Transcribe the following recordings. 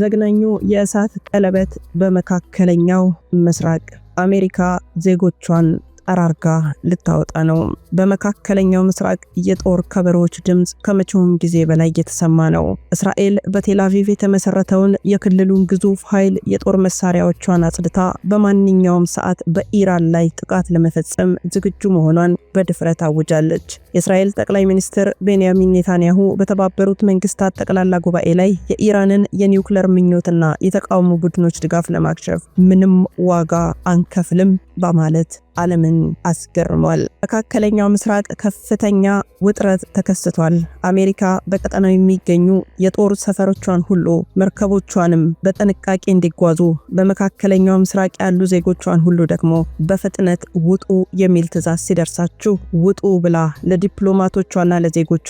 ዘግናኙ የእሳት ቀለበት በመካከለኛው ምስራቅ አሜሪካ ዜጎቿን ጠራርጋ ልታወጣ ነው። በመካከለኛው ምስራቅ የጦር ከበሮች ድምፅ ከመቼውም ጊዜ በላይ የተሰማ ነው። እስራኤል በቴላቪቭ የተመሰረተውን የክልሉን ግዙፍ ኃይል የጦር መሳሪያዎቿን አጽድታ በማንኛውም ሰዓት በኢራን ላይ ጥቃት ለመፈጸም ዝግጁ መሆኗን በድፍረት አውጃለች። የእስራኤል ጠቅላይ ሚኒስትር ቤንያሚን ኔታንያሁ በተባበሩት መንግስታት ጠቅላላ ጉባኤ ላይ የኢራንን የኒውክለር ምኞትና የተቃውሞ ቡድኖች ድጋፍ ለማክሸፍ ምንም ዋጋ አንከፍልም በማለት ዓለምን አስገርሟል። መካከለኛው ምስራቅ ከፍተኛ ውጥረት ተከስቷል። አሜሪካ በቀጠናው የሚገኙ የጦር ሰፈሮቿን ሁሉ መርከቦቿንም በጥንቃቄ እንዲጓዙ፣ በመካከለኛው ምስራቅ ያሉ ዜጎቿን ሁሉ ደግሞ በፍጥነት ውጡ የሚል ትዕዛዝ ሲደርሳችሁ ውጡ ብላ ለዲፕሎማቶቿና ለዜጎቿ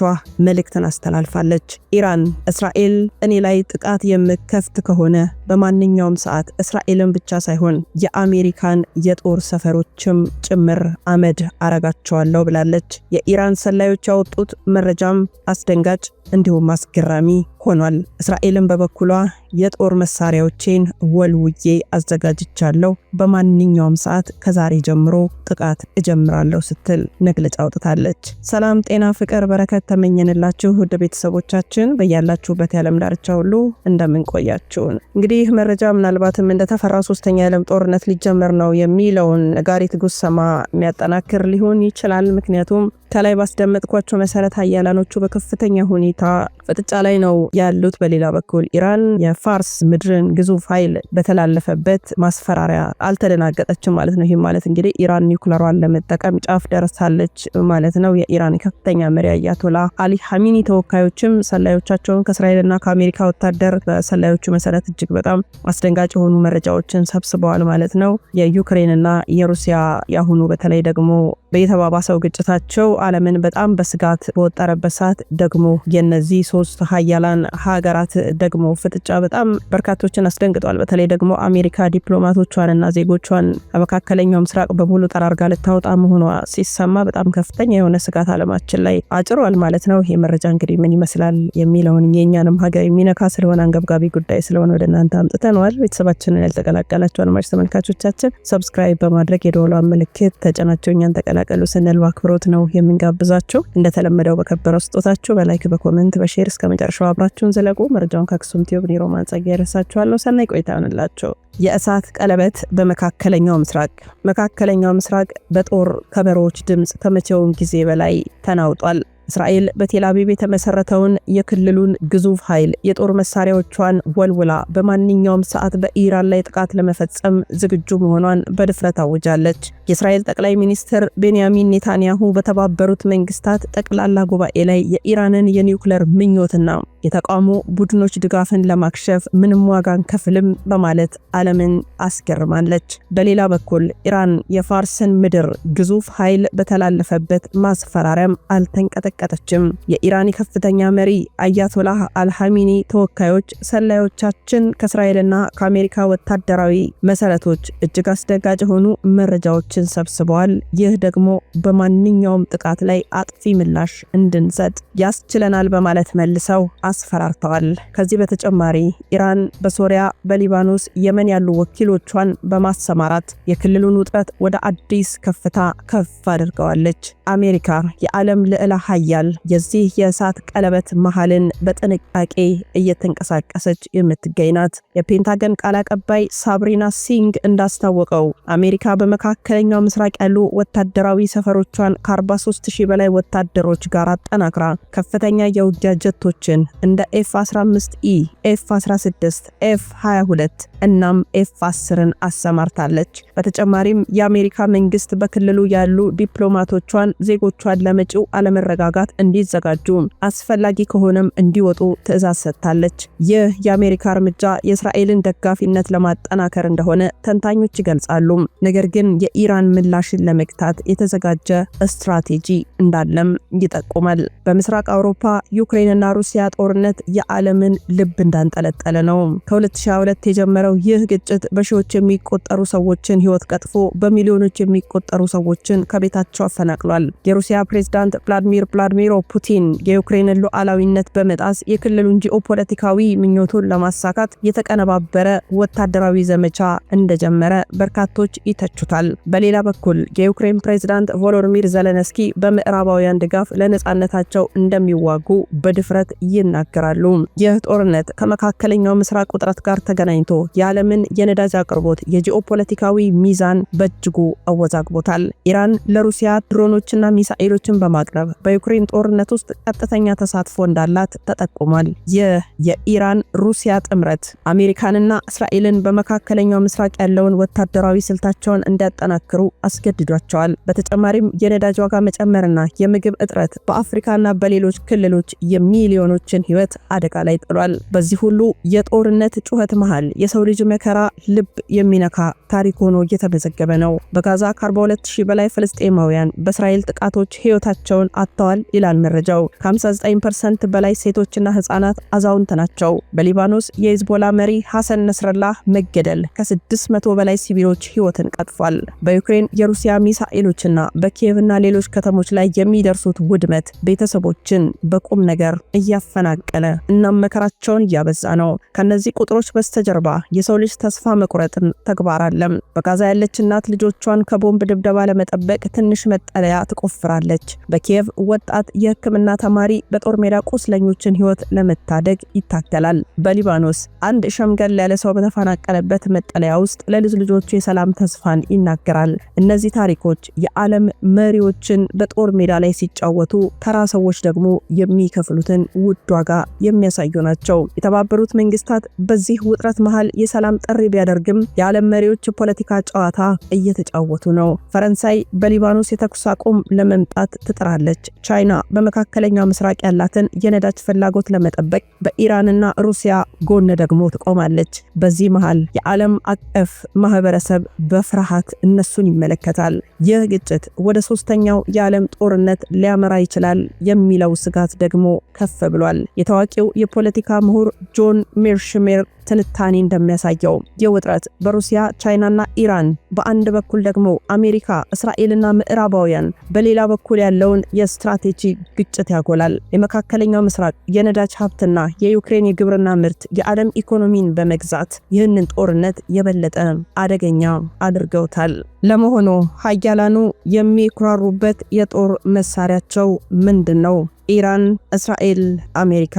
መልእክትን አስተላልፋለች። ኢራን እስራኤል እኔ ላይ ጥቃት የምከፍት ከሆነ በማንኛውም ሰዓት እስራኤልን ብቻ ሳይሆን የአሜሪካን የጦር ሰፈሮችም ጭምር አመድ አረጋቸዋለሁ ብላለች። የኢራን ሰላዮች ያወጡት መረጃም አስደንጋጭ እንዲሁም አስገራሚ ሆኗል። እስራኤልን በበኩሏ የጦር መሳሪያዎቼን ወልውዬ አዘጋጅቻለሁ፣ በማንኛውም ሰዓት ከዛሬ ጀምሮ ጥቃት እጀምራለሁ ስትል መግለጫ አውጥታለች። ሰላም፣ ጤና፣ ፍቅር፣ በረከት ተመኘንላችሁ ውድ ቤተሰቦቻችን በያላችሁበት የዓለም ዳርቻ ሁሉ እንደምንቆያችሁን። እንግዲህ ይህ መረጃ ምናልባትም እንደተፈራ ሶስተኛ የዓለም ጦርነት ሊጀመር ነው የሚለውን ነጋሪት ጉሰማ የሚያጠናክር ሊሆን ይችላል። ምክንያቱም ከላይ ባስደመጥኳቸው መሰረት ሀያላኖቹ በከፍተኛ ሁኔታ ፍጥጫ ላይ ነው ያሉት። በሌላ በኩል ኢራን የፋርስ ምድርን ግዙፍ ኃይል በተላለፈበት ማስፈራሪያ አልተደናገጠችም ማለት ነው። ይህም ማለት እንግዲህ ኢራን ኒውክለሯን ለመጠቀም ጫፍ ደርሳለች ማለት ነው። የኢራን ከፍተኛ መሪ አያቶላ አሊ ሀሚኒ ተወካዮችም ሰላዮቻቸውን ከእስራኤልና ከአሜሪካ ወታደር በሰላዮቹ መሰረት እጅግ በጣም አስደንጋጭ የሆኑ መረጃዎችን ሰብስበዋል ማለት ነው። የዩክሬንና የሩሲያ ያሁኑ በተለይ ደግሞ በየተባባሰው ግጭታቸው ዓለምን በጣም በስጋት በወጠረበት ሰዓት ደግሞ የነዚህ ሶስት ሀያላን ሀገራት ደግሞ ፍጥጫ በጣም በርካቶችን አስደንግጧል። በተለይ ደግሞ አሜሪካ ዲፕሎማቶቿን እና ዜጎቿን ከመካከለኛው ምስራቅ በሙሉ ጠራርጋ ልታወጣ መሆኗ ሲሰማ በጣም ከፍተኛ የሆነ ስጋት ዓለማችን ላይ አጭሯል ማለት ነው። ይህ መረጃ እንግዲህ ምን ይመስላል የሚለውን የእኛንም ሀገር የሚነካ ስለሆነ አንገብጋቢ ጉዳይ ስለሆነ ወደ እናንተ አምጥተነዋል። ቤተሰባችንን ያልተቀላቀላቸው አድማጭ ተመልካቾቻችን ሰብስክራይብ በማድረግ የደወሏን ምልክት ተጨናቸው እኛን ተቀላቀ ተቀላቀሉ ስንል በአክብሮት ነው የምንጋብዛችሁ። እንደተለመደው በከበረው ስጦታችሁ በላይክ በኮመንት በሼር እስከ መጨረሻው አብራችሁን ዘለቁ። መረጃውን ከአክሱም ቲዩብ ኒሮማን ጸጋ ያደርሳችኋለሁ። ሰናይ ቆይታ ይሆንላችሁ። የእሳት ቀለበት በመካከለኛው ምስራቅ። መካከለኛው ምስራቅ በጦር ከበሮዎች ድምፅ ከመቼውም ጊዜ በላይ ተናውጧል። እስራኤል በቴልአቪቭ የተመሰረተውን የክልሉን ግዙፍ ኃይል የጦር መሳሪያዎቿን ወልውላ በማንኛውም ሰዓት በኢራን ላይ ጥቃት ለመፈጸም ዝግጁ መሆኗን በድፍረት አውጃለች። የእስራኤል ጠቅላይ ሚኒስትር ቤንያሚን ኔታንያሁ በተባበሩት መንግስታት ጠቅላላ ጉባኤ ላይ የኢራንን የኒውክለር ምኞትና የተቃውሞ ቡድኖች ድጋፍን ለማክሸፍ ምንም ዋጋ አንከፍልም በማለት ዓለምን አስገርማለች። በሌላ በኩል ኢራን የፋርስን ምድር ግዙፍ ኃይል በተላለፈበት ማስፈራሪያም አልተንቀጠቀጠችም። የኢራን የከፍተኛ መሪ አያቶላህ አልሐሚኒ ተወካዮች ሰላዮቻችን ከእስራኤልና ከአሜሪካ ወታደራዊ መሰረቶች እጅግ አስደጋጭ የሆኑ መረጃዎችን ሰብስበዋል። ይህ ደግሞ በማንኛውም ጥቃት ላይ አጥፊ ምላሽ እንድንሰጥ ያስችለናል በማለት መልሰው አስፈራርተዋል። ከዚህ በተጨማሪ ኢራን በሶሪያ፣ በሊባኖስ፣ የመን ያሉ ወኪሎቿን በማሰማራት የክልሉን ውጥረት ወደ አዲስ ከፍታ ከፍ አድርገዋለች። አሜሪካ የዓለም ልዕለ ሀያል የዚህ የእሳት ቀለበት መሃልን በጥንቃቄ እየተንቀሳቀሰች የምትገኝ ናት። የፔንታገን ቃል አቀባይ ሳብሪና ሲንግ እንዳስታወቀው አሜሪካ በመካከለኛው ምስራቅ ያሉ ወታደራዊ ሰፈሮቿን ከ43000 በላይ ወታደሮች ጋር አጠናክራ ከፍተኛ የውጊያ ጀቶችን እንደ ኤፍ 15 ኢ፣ ኤፍ 16፣ ኤፍ 22 እናም ኤፍ 10ን አሰማርታለች። በተጨማሪም የአሜሪካ መንግስት በክልሉ ያሉ ዲፕሎማቶቿን ዜጎቿን ለመጪው አለመረጋጋት እንዲዘጋጁ አስፈላጊ ከሆነም እንዲወጡ ትዕዛዝ ሰጥታለች። ይህ የአሜሪካ እርምጃ የእስራኤልን ደጋፊነት ለማጠናከር እንደሆነ ተንታኞች ይገልጻሉ። ነገር ግን የኢራን ምላሽን ለመግታት የተዘጋጀ ስትራቴጂ እንዳለም ይጠቁማል። በምስራቅ አውሮፓ ዩክሬንና ሩሲያ ጦር ጦርነት የዓለምን ልብ እንዳንጠለጠለ ነው። ከ2022 የጀመረው ይህ ግጭት በሺዎች የሚቆጠሩ ሰዎችን ህይወት ቀጥፎ በሚሊዮኖች የሚቆጠሩ ሰዎችን ከቤታቸው አፈናቅሏል። የሩሲያ ፕሬዝዳንት ቭላዲሚር ቭላዲሚሮ ፑቲን የዩክሬንን ሉዓላዊነት በመጣስ የክልሉን ጂኦፖለቲካዊ ምኞቱን ለማሳካት የተቀነባበረ ወታደራዊ ዘመቻ እንደጀመረ በርካቶች ይተቹታል። በሌላ በኩል የዩክሬን ፕሬዝዳንት ቮሎዲሚር ዘለንስኪ በምዕራባውያን ድጋፍ ለነፃነታቸው እንደሚዋጉ በድፍረት ይናል ይናገራሉ። ይህ ጦርነት ከመካከለኛው ምስራቅ ውጥረት ጋር ተገናኝቶ የዓለምን የነዳጅ አቅርቦት የጂኦፖለቲካዊ ሚዛን በእጅጉ አወዛግቦታል። ኢራን ለሩሲያ ድሮኖችና ሚሳኤሎችን በማቅረብ በዩክሬን ጦርነት ውስጥ ቀጥተኛ ተሳትፎ እንዳላት ተጠቁሟል። ይህ የኢራን ሩሲያ ጥምረት አሜሪካንና እስራኤልን በመካከለኛው ምስራቅ ያለውን ወታደራዊ ስልታቸውን እንዲያጠናክሩ አስገድዷቸዋል። በተጨማሪም የነዳጅ ዋጋ መጨመርና የምግብ እጥረት በአፍሪካና በሌሎች ክልሎች የሚሊዮኖችን ህይወት አደጋ ላይ ጥሏል። በዚህ ሁሉ የጦርነት ጩኸት መሃል የሰው ልጅ መከራ ልብ የሚነካ ታሪክ ሆኖ እየተመዘገበ ነው። በጋዛ ከ 42000 በላይ ፍልስጤማውያን በእስራኤል ጥቃቶች ህይወታቸውን አጥተዋል ይላል መረጃው። ከ59 ፐርሰንት በላይ ሴቶችና ህጻናት አዛውንት ናቸው። በሊባኖስ የሂዝቦላ መሪ ሐሰን ነስረላህ መገደል ከ600 በላይ ሲቪሎች ህይወትን ቀጥፏል። በዩክሬን የሩሲያ ሚሳኤሎችና በኪየቭና ሌሎች ከተሞች ላይ የሚደርሱት ውድመት ቤተሰቦችን በቁም ነገር እያፈናል የተቀላቀለ እናም መከራቸውን እያበዛ ነው። ከነዚህ ቁጥሮች በስተጀርባ የሰው ልጅ ተስፋ መቁረጥ ተግባር አለም። በጋዛ ያለች እናት ልጆቿን ከቦምብ ድብደባ ለመጠበቅ ትንሽ መጠለያ ትቆፍራለች። በኪየቭ ወጣት የህክምና ተማሪ በጦር ሜዳ ቁስለኞችን ህይወት ለመታደግ ይታገላል። በሊባኖስ አንድ ሸምገል ያለ ሰው በተፈናቀለበት መጠለያ ውስጥ ለልጅ ልጆቹ የሰላም ተስፋን ይናገራል። እነዚህ ታሪኮች የዓለም መሪዎችን በጦር ሜዳ ላይ ሲጫወቱ፣ ተራ ሰዎች ደግሞ የሚከፍሉትን ውድ ዋጋ ዋጋ የሚያሳዩ ናቸው። የተባበሩት መንግስታት በዚህ ውጥረት መሃል የሰላም ጥሪ ቢያደርግም የዓለም መሪዎች የፖለቲካ ጨዋታ እየተጫወቱ ነው። ፈረንሳይ በሊባኖስ የተኩስ አቁም ለመምጣት ትጥራለች። ቻይና በመካከለኛው ምስራቅ ያላትን የነዳጅ ፍላጎት ለመጠበቅ በኢራንና ሩሲያ ጎን ደግሞ ትቆማለች። በዚህ መሃል የዓለም አቀፍ ማህበረሰብ በፍርሃት እነሱን ይመለከታል። ይህ ግጭት ወደ ሶስተኛው የዓለም ጦርነት ሊያመራ ይችላል የሚለው ስጋት ደግሞ ከፍ ብሏል። የታዋቂው የፖለቲካ ምሁር ጆን ሜርሽሜር ትንታኔ እንደሚያሳየው ይህ ውጥረት በሩሲያ ቻይናና ኢራን በአንድ በኩል ደግሞ አሜሪካ፣ እስራኤልና ምዕራባውያን በሌላ በኩል ያለውን የስትራቴጂ ግጭት ያጎላል። የመካከለኛው ምስራቅ የነዳጅ ሀብትና የዩክሬን የግብርና ምርት የዓለም ኢኮኖሚን በመግዛት ይህንን ጦርነት የበለጠ አደገኛ አድርገውታል። ለመሆኑ ሀያላኑ የሚኩራሩበት የጦር መሳሪያቸው ምንድን ነው? ኢራን፣ እስራኤል፣ አሜሪካ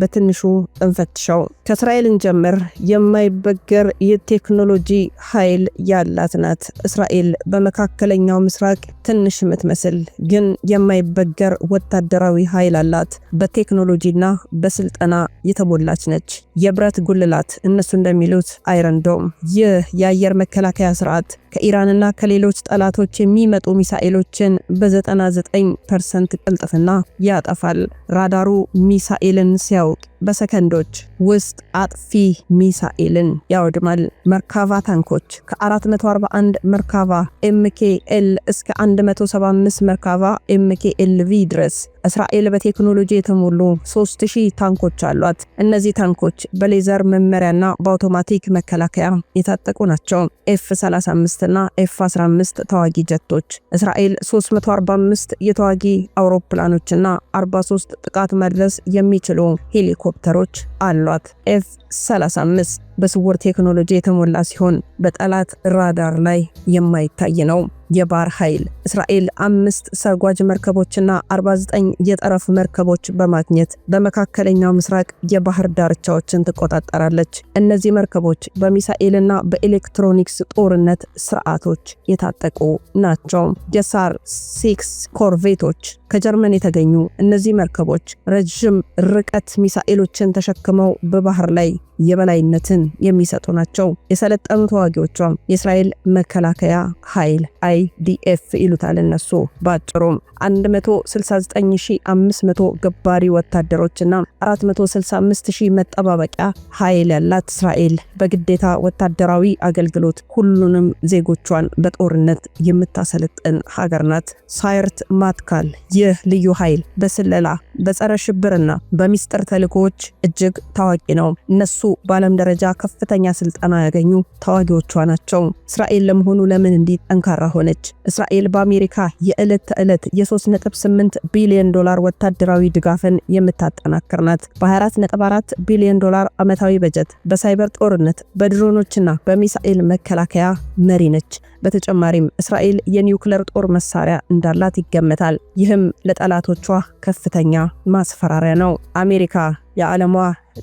በትንሹ እንፈትሸው። ከእስራኤልን ጀምር የማይበገር የቴክኖሎጂ ኃይል ያላት ናት። እስራኤል በመካከለኛው ምስራቅ ትንሽ የምትመስል ግን የማይበገር ወታደራዊ ኃይል አላት። በቴክኖሎጂና በስልጠና የተሞላች ነች። የብረት ጉልላት እነሱ እንደሚሉት አይረንዶም። ይህ የአየር መከላከያ ስርዓት ከኢራንና ከሌሎች ጠላቶች የሚመጡ ሚሳኤሎችን በ99 ፐርሰንት ቅልጥፍና ያጠፋል። ራዳሩ ሚሳኤልን ሲያውቅ በሰከንዶች ውስጥ አጥፊ ሚሳኤልን ያወድማል። መርካቫ ታንኮች ከ441 መርካቫ ኤምኬኤል እስከ 175 መርካቫ ኤምኬኤልቪ ድረስ እስራኤል በቴክኖሎጂ የተሞሉ 3000 ታንኮች አሏት። እነዚህ ታንኮች በሌዘር መመሪያና በአውቶማቲክ መከላከያ የታጠቁ ናቸው። ኤፍ 35 እና ኤፍ 15 ተዋጊ ጀቶች። እስራኤል 345 የተዋጊ አውሮፕላኖችና 43 ጥቃት መድረስ የሚችሉ ሄሊኮፕተሮች አሏት። ኤፍ 35 በስውር ቴክኖሎጂ የተሞላ ሲሆን በጠላት ራዳር ላይ የማይታይ ነው። የባህር ኃይል እስራኤል አምስት ሰርጓጅ መርከቦችና 49 የጠረፍ መርከቦች በማግኘት በመካከለኛው ምስራቅ የባህር ዳርቻዎችን ትቆጣጠራለች። እነዚህ መርከቦች በሚሳኤልና በኤሌክትሮኒክስ ጦርነት ስርዓቶች የታጠቁ ናቸው። የሳር ሲክስ ኮርቬቶች ከጀርመን የተገኙ እነዚህ መርከቦች ረዥም ርቀት ሚሳኤሎችን ተሸክመው በባህር ላይ የበላይነትን የሚሰጡ ናቸው። የሰለጠኑ ተዋጊዎቿም የእስራኤል መከላከያ ኃይል አይ አይዲኤፍ ይሉታል እነሱ ባጭሩም 169500 ገባሪ ወታደሮችና 465000 መጠባበቂያ ኃይል ያላት እስራኤል በግዴታ ወታደራዊ አገልግሎት ሁሉንም ዜጎቿን በጦርነት የምታሰለጥን ሀገር ናት። ሳይርት ማትካል ይህ ልዩ ኃይል በስለላ በጸረ ሽብርና በሚስጥር ተልእኮዎች እጅግ ታዋቂ ነው። እነሱ በዓለም ደረጃ ከፍተኛ ስልጠና ያገኙ ተዋጊዎቿ ናቸው። እስራኤል ለመሆኑ ለምን እንዲህ ጠንካራ ሆነ ነች። እስራኤል በአሜሪካ የዕለት ተዕለት የ3.8 ቢሊዮን ዶላር ወታደራዊ ድጋፍን የምታጠናክር ናት። በ24.4 ቢሊዮን ዶላር ዓመታዊ በጀት በሳይበር ጦርነት በድሮኖችና በሚሳኤል መከላከያ መሪ ነች። በተጨማሪም እስራኤል የኒውክለር ጦር መሳሪያ እንዳላት ይገመታል። ይህም ለጠላቶቿ ከፍተኛ ማስፈራሪያ ነው። አሜሪካ የዓለሟ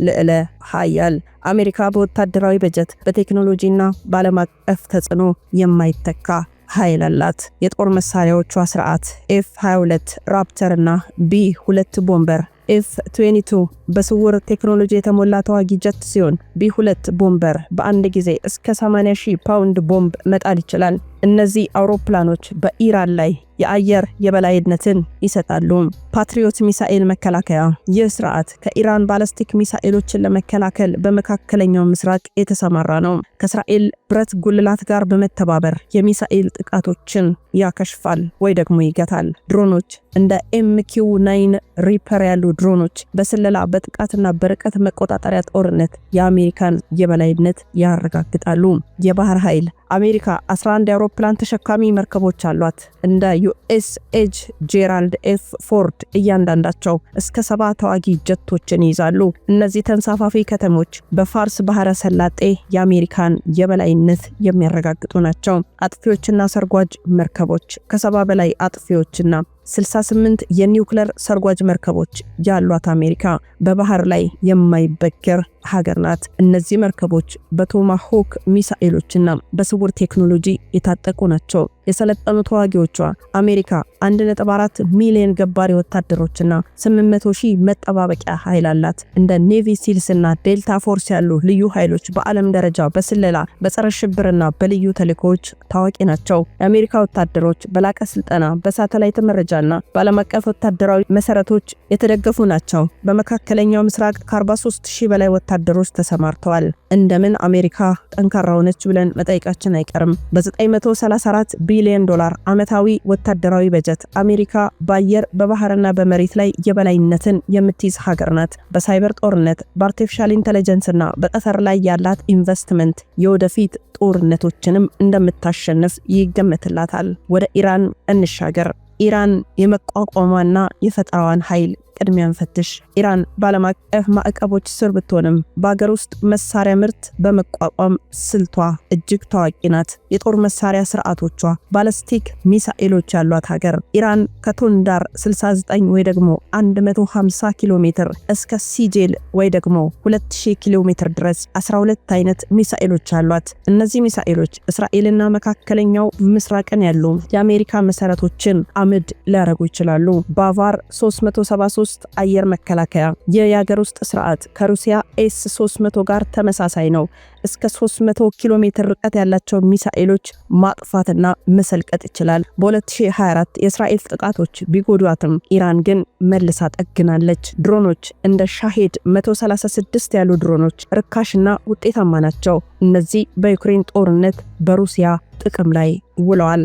ልዕለ ሀያል አሜሪካ በወታደራዊ በጀት በቴክኖሎጂና በዓለም አቀፍ ተጽዕኖ የማይተካ ኃይል አላት። የጦር መሳሪያዎቿ ስርዓት ኤፍ 22 ራፕተር እና ቢ 2 ቦምበር ኤፍ 22 በስውር ቴክኖሎጂ የተሞላ ተዋጊ ጀት ሲሆን ቢ 2 ቦምበር በአንድ ጊዜ እስከ 80 ሺህ ፓውንድ ቦምብ መጣል ይችላል። እነዚህ አውሮፕላኖች በኢራን ላይ የአየር የበላይነትን ይሰጣሉ። ፓትሪዮት ሚሳኤል መከላከያ ይህ ስርዓት ከኢራን ባለስቲክ ሚሳኤሎችን ለመከላከል በመካከለኛው ምስራቅ የተሰማራ ነው። ከእስራኤል ብረት ጉልላት ጋር በመተባበር የሚሳኤል ጥቃቶችን ያከሽፋል ወይ ደግሞ ይገታል። ድሮኖች እንደ ኤምኪው ናይን ሪፐር ያሉ ድሮኖች በስለላ በጥቃትና በርቀት መቆጣጠሪያ ጦርነት የአሜሪካን የበላይነት ያረጋግጣሉ። የባህር ኃይል አሜሪካ 11 የአውሮፕላን ተሸካሚ መርከቦች አሏት። እንደ ዩኤስኤች ጄራልድ ኤፍ ፎርድ እያንዳንዳቸው እስከ ሰባ ተዋጊ ጀቶችን ይይዛሉ። እነዚህ ተንሳፋፊ ከተሞች በፋርስ ባህረ ሰላጤ የአሜሪካን የበላይነት የሚያረጋግጡ ናቸው። አጥፊዎችና ሰርጓጅ መርከቦች ከሰባ በላይ አጥፊዎችና 68 የኒውክለር ሰርጓጅ መርከቦች ያሏት አሜሪካ በባህር ላይ የማይበገር ሀገር ናት። እነዚህ መርከቦች በቶማሆክ ሚሳኤሎችና በስውር ቴክኖሎጂ የታጠቁ ናቸው። የሰለጠኑ ተዋጊዎቿ አሜሪካ 1.4 ሚሊዮን ገባሪ ወታደሮችና 800 ሺህ መጠባበቂያ ኃይል አላት። እንደ ኔቪ ሲልስና ዴልታ ፎርስ ያሉ ልዩ ኃይሎች በዓለም ደረጃ በስለላ በጸረ ሽብርና በልዩ ተልእኮዎች ታዋቂ ናቸው። የአሜሪካ ወታደሮች በላቀ ስልጠና፣ በሳተላይት መረጃና በዓለም አቀፍ ወታደራዊ መሰረቶች የተደገፉ ናቸው። በመካከለኛው ምስራቅ ከ43 ሺህ በላይ ወታደሮች ተሰማርተዋል። እንደምን አሜሪካ ጠንካራ ሆነች ብለን መጠይቃችን አይቀርም። በ934 ቢሊዮን ዶላር ዓመታዊ ወታደራዊ በጀት አሜሪካ በአየር በባህርና በመሬት ላይ የበላይነትን የምትይዝ ሀገር ናት። በሳይበር ጦርነት፣ በአርቲፊሻል ኢንቴሊጀንስና በጠፈር ላይ ያላት ኢንቨስትመንት የወደፊት ጦርነቶችንም እንደምታሸንፍ ይገመትላታል። ወደ ኢራን እንሻገር። ኢራን የመቋቋሟና የፈጠራዋን ኃይል ቅድሚያ እንፈትሽ። ኢራን በዓለም አቀፍ ማዕቀቦች ስር ብትሆንም በአገር ውስጥ መሳሪያ ምርት በመቋቋም ስልቷ እጅግ ታዋቂ ናት። የጦር መሳሪያ ስርዓቶቿ ባለስቲክ ሚሳኤሎች ያሏት ሀገር ኢራን ከቶንዳር 69 ወይ ደግሞ 150 ኪሎ ሜትር እስከ ሲጄል ወይ ደግሞ 2000 ኪሎ ሜትር ድረስ 12 አይነት ሚሳኤሎች አሏት። እነዚህ ሚሳኤሎች እስራኤልና መካከለኛው ምስራቅን ያሉ የአሜሪካ መሰረቶችን አምድ ሊያደርጉ ይችላሉ። ባቫር 373 ውስጥ አየር መከላከያ የሀገር ውስጥ ስርዓት ከሩሲያ ኤስ 300 ጋር ተመሳሳይ ነው። እስከ 300 ኪሎ ሜትር ርቀት ያላቸው ሚሳኤሎች ማጥፋትና መሰልቀጥ ይችላል። በ2024 የእስራኤል ጥቃቶች ቢጎዷትም ኢራን ግን መልሳ ጠግናለች። ድሮኖች እንደ ሻሄድ 136 ያሉ ድሮኖች ርካሽና ውጤታማ ናቸው። እነዚህ በዩክሬን ጦርነት በሩሲያ ጥቅም ላይ ውለዋል።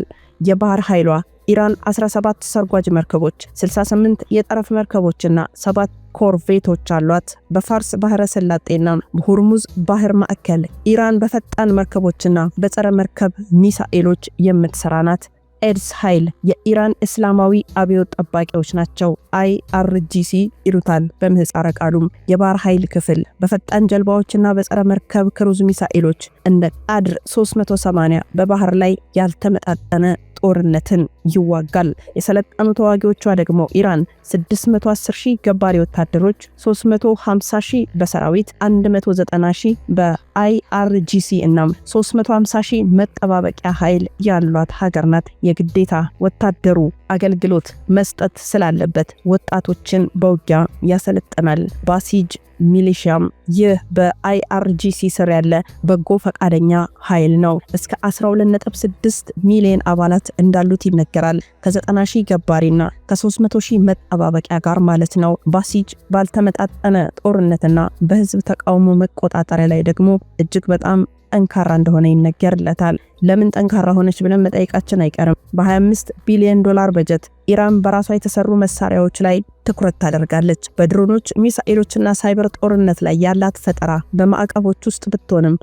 የባህር ኃይሏ ኢራን 17 ሰርጓጅ መርከቦች፣ 68 የጠረፍ መርከቦችና 7 ኮርቬቶች አሏት። በፋርስ ባህረ ሰላጤና በሆርሙዝ ባህር ማዕከል ኢራን በፈጣን መርከቦችና በጸረ መርከብ ሚሳኤሎች የምትሰራ ናት። ኤድስ ኃይል የኢራን እስላማዊ አብዮት ጠባቂዎች ናቸው። አይአርጂሲ ይሉታል በምህፃረ ቃሉም። የባህር ኃይል ክፍል በፈጣን ጀልባዎችና በጸረ መርከብ ክሩዝ ሚሳኤሎች እንደ ቃድር 380 በባህር ላይ ያልተመጣጠነ ጦርነትን ይዋጋል። የሰለጠኑ ተዋጊዎቿ ደግሞ ኢራን 610 ሺህ ገባሪ ወታደሮች፣ 350 ሺህ በሰራዊት፣ 190 ሺህ በአይአርጂሲ እናም 350 ሺህ መጠባበቂያ ኃይል ያሏት ሀገር ናት። የግዴታ ወታደሩ አገልግሎት መስጠት ስላለበት ወጣቶችን በውጊያ ያሰለጠናል ባሲጅ ሚሊሺያም ይህ በአይአርጂሲ ስር ያለ በጎ ፈቃደኛ ኃይል ነው። እስከ 126 ሚሊዮን አባላት እንዳሉት ይነ ይናገራል። ከ90 ሺህ ገባሪና ከ300 ሺህ መጠባበቂያ ጋር ማለት ነው። ባሲጅ ባልተመጣጠነ ጦርነትና በህዝብ ተቃውሞ መቆጣጠሪያ ላይ ደግሞ እጅግ በጣም ጠንካራ እንደሆነ ይነገርለታል። ለምን ጠንካራ ሆነች ብለን መጠየቃችን አይቀርም። በ25 ቢሊዮን ዶላር በጀት ኢራን በራሷ የተሰሩ መሳሪያዎች ላይ ትኩረት ታደርጋለች። በድሮኖች ሚሳኤሎችና ሳይበር ጦርነት ላይ ያላት ፈጠራ በማዕቀቦች ውስጥ ብትሆንም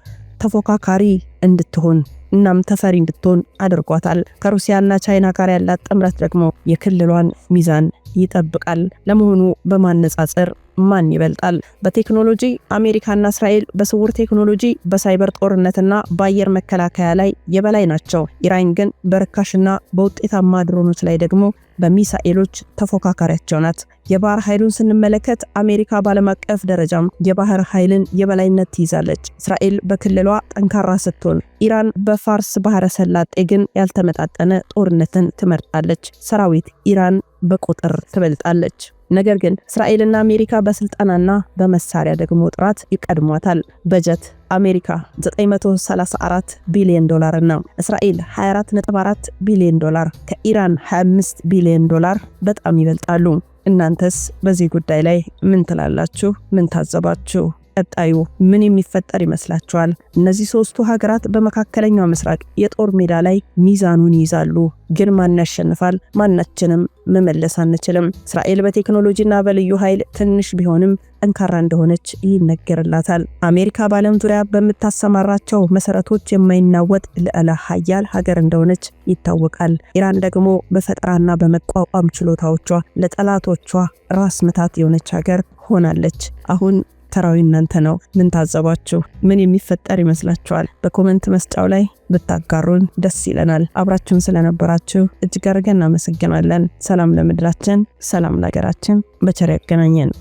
ተፎካካሪ እንድትሆን እናም ተፈሪ እንድትሆን አድርጓታል። ከሩሲያና ቻይና ጋር ያላት ጥምረት ደግሞ የክልሏን ሚዛን ይጠብቃል። ለመሆኑ በማነጻጸር ማን ይበልጣል? በቴክኖሎጂ አሜሪካና እስራኤል በስውር ቴክኖሎጂ፣ በሳይበር ጦርነትና በአየር መከላከያ ላይ የበላይ ናቸው። ኢራን ግን በርካሽና በውጤታማ ድሮኖች ላይ ደግሞ በሚሳኤሎች ተፎካካሪያቸው ናት። የባህር ኃይሉን ስንመለከት አሜሪካ በዓለም አቀፍ ደረጃም የባህር ኃይልን የበላይነት ትይዛለች። እስራኤል በክልሏ ጠንካራ ስትሆን፣ ኢራን በፋርስ ባህረ ሰላጤ ግን ያልተመጣጠነ ጦርነትን ትመርጣለች። ሰራዊት ኢራን በቁጥር ትበልጣለች። ነገር ግን እስራኤልና አሜሪካ በስልጠናና በመሳሪያ ደግሞ ጥራት ይቀድሟታል። በጀት አሜሪካ 934 ቢሊዮን ዶላር እና እስራኤል 244 ቢሊዮን ዶላር ከኢራን 25 ቢሊዮን ዶላር በጣም ይበልጣሉ። እናንተስ በዚህ ጉዳይ ላይ ምን ትላላችሁ? ምን ታዘባችሁ? ቀጣዩ ምን የሚፈጠር ይመስላችኋል? እነዚህ ሶስቱ ሀገራት በመካከለኛው ምስራቅ የጦር ሜዳ ላይ ሚዛኑን ይይዛሉ። ግን ማን ያሸንፋል? ማናችንም መመለስ አንችልም። እስራኤል በቴክኖሎጂና በልዩ ኃይል ትንሽ ቢሆንም ጠንካራ እንደሆነች ይነገርላታል። አሜሪካ በዓለም ዙሪያ በምታሰማራቸው መሰረቶች የማይናወጥ ልዕለ ሀያል ሀገር እንደሆነች ይታወቃል። ኢራን ደግሞ በፈጠራና በመቋቋም ችሎታዎቿ ለጠላቶቿ ራስ ምታት የሆነች ሀገር ሆናለች። አሁን ተራዊ እናንተ ነው። ምን ታዘባችሁ? ምን የሚፈጠር ይመስላችኋል? በኮመንት መስጫው ላይ ብታጋሩን ደስ ይለናል። አብራችሁን ስለነበራችሁ እጅግ አድርገን እናመሰግናለን። ሰላም ለምድራችን፣ ሰላም ለሀገራችን። በቸር ያገናኘን።